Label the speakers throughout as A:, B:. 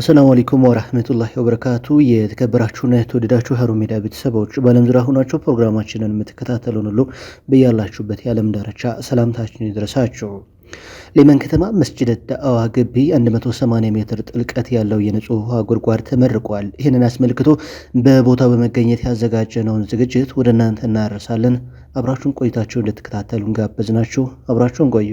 A: አሰላሙ አለይኩም ወራህመቱላሂ ወበረካቱ። የተከበራችሁና የተወደዳችሁ ሀሩን ሚዲያ ቤተሰቦች በዓለም ዙሪያ ሆናችሁ ፕሮግራማችንን የምትከታተሉን ሁሉ በያላችሁበት የዓለም ዳርቻ ሰላምታችን ይድረሳችሁ። ሌመን ከተማ መስጅድ ዳዕዋ ግቢ 180 ሜትር ጥልቀት ያለው የንጹህ ውሃ ጉድጓድ ተመርቋል። ይህንን አስመልክቶ በቦታው በመገኘት ያዘጋጀነውን ዝግጅት ወደ እናንተ እናደርሳለን። አብራችሁን ቆይታችሁ ጋበዝ ጋበዝናችሁ። አብራችሁን ቆዩ።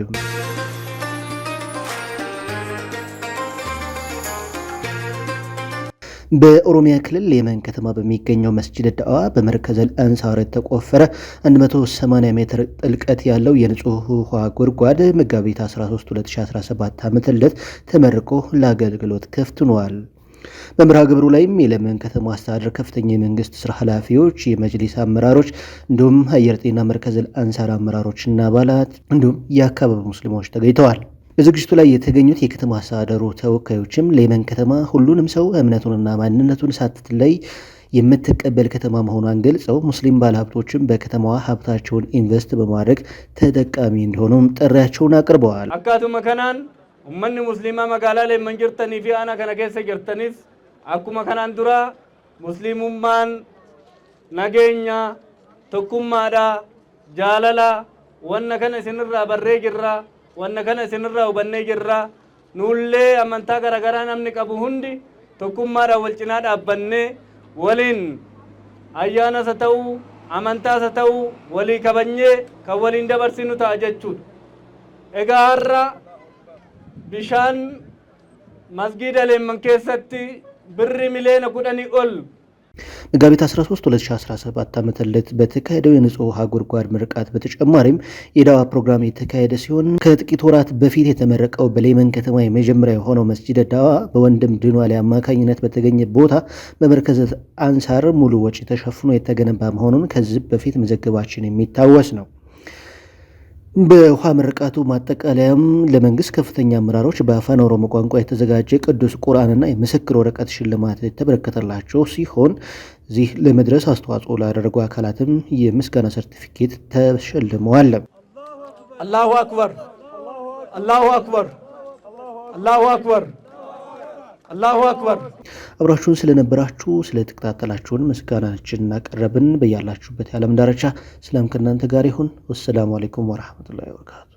A: በኦሮሚያ ክልል የመን ከተማ በሚገኘው መስጅድ ዳዋ በመርከዘል አንሳር የተቆፈረ 180 ሜትር ጥልቀት ያለው የንጹህ ውሃ ጉድጓድ መጋቢት 13 2017 ዓ ም ተመርቆ ለአገልግሎት ክፍት ሆኗል። በመርሃ ግብሩ ላይም የለመን ከተማ አስተዳደር ከፍተኛ የመንግስት ስራ ኃላፊዎች፣ የመጅሊስ አመራሮች እንዲሁም አየር ጤና መርከዝ አንሳር አመራሮችና አባላት እንዲሁም የአካባቢ ሙስሊሞች ተገኝተዋል። በዝግጅቱ ላይ የተገኙት የከተማ አስተዳደሩ ተወካዮችም ሌመን ከተማ ሁሉንም ሰው እምነቱንና ማንነቱን ሳትለይ የምትቀበል ከተማ መሆኗን ገልጸው ሙስሊም ባለሀብቶችም በከተማዋ ሀብታቸውን ኢንቨስት በማድረግ ተጠቃሚ እንደሆኑም ጥሪያቸውን አቅርበዋል። አካቱ መከናን ኡመን ሙስሊማ መጋላ ላይ መንጅርተኒ ፊ አና ከነ ኬሰ ጅርተኒስ አኩመ ከናን ዱራ ሙስሊሙማን ነገኛ ቶኩማዳ ጃለላ ወነ ከነ ስንራ በሬ ጅራ wanna kana isinirraa hubannee jirra nuullee amantaa garaagaraa namni qabu hundi tokkummaadhaan wal cinaa dhaabbannee waliin ayyaanas haa ta'u amantaas haa ta'u walii kabanyee kan waliin dabarsinu ta'a jechuudha. Egaa har'a bishaan masgiida leemman keessatti birri miliyoona kudhanii ol
B: መጋቢት 13 2017 ዓ ም በተካሄደው የንጹህ ውሃ ጉድጓድ ምርቃት በተጨማሪም የዳዋ ፕሮግራም የተካሄደ ሲሆን ከጥቂት ወራት በፊት የተመረቀው በሌመን ከተማ የመጀመሪያ የሆነው መስጂደ ዳዋ በወንድም ላይ አማካኝነት በተገኘ ቦታ በመርከዝ አንሳር ሙሉ ወጪ ተሸፍኖ የተገነባ መሆኑን ከዚህ በፊት መዘገባችን የሚታወስ ነው። በውሃ ምርቃቱ ማጠቃለያም ለመንግስት ከፍተኛ አመራሮች በአፋን ኦሮሞ ቋንቋ የተዘጋጀ ቅዱስ ቁርአንና የምስክር ወረቀት ሽልማት የተበረከተላቸው ሲሆን እዚህ ለመድረስ አስተዋጽኦ ላደረጉ አካላትም የምስጋና ሰርቲፊኬት ተሸልመዋል።
C: አላሁ አክበር፣ አላሁ አክበር፣ አላሁ አክበር አላሁ አክበር።
B: አብራችሁን ስለነበራችሁ ስለተከታተላችሁን ምስጋናችን እናቀረብን። በያላችሁበት የዓለም ዳርቻ ሰላም ከእናንተ ጋር ይሁን። ወሰላሙ አሌይኩም ወረህመቱላሂ ወበረካቱ።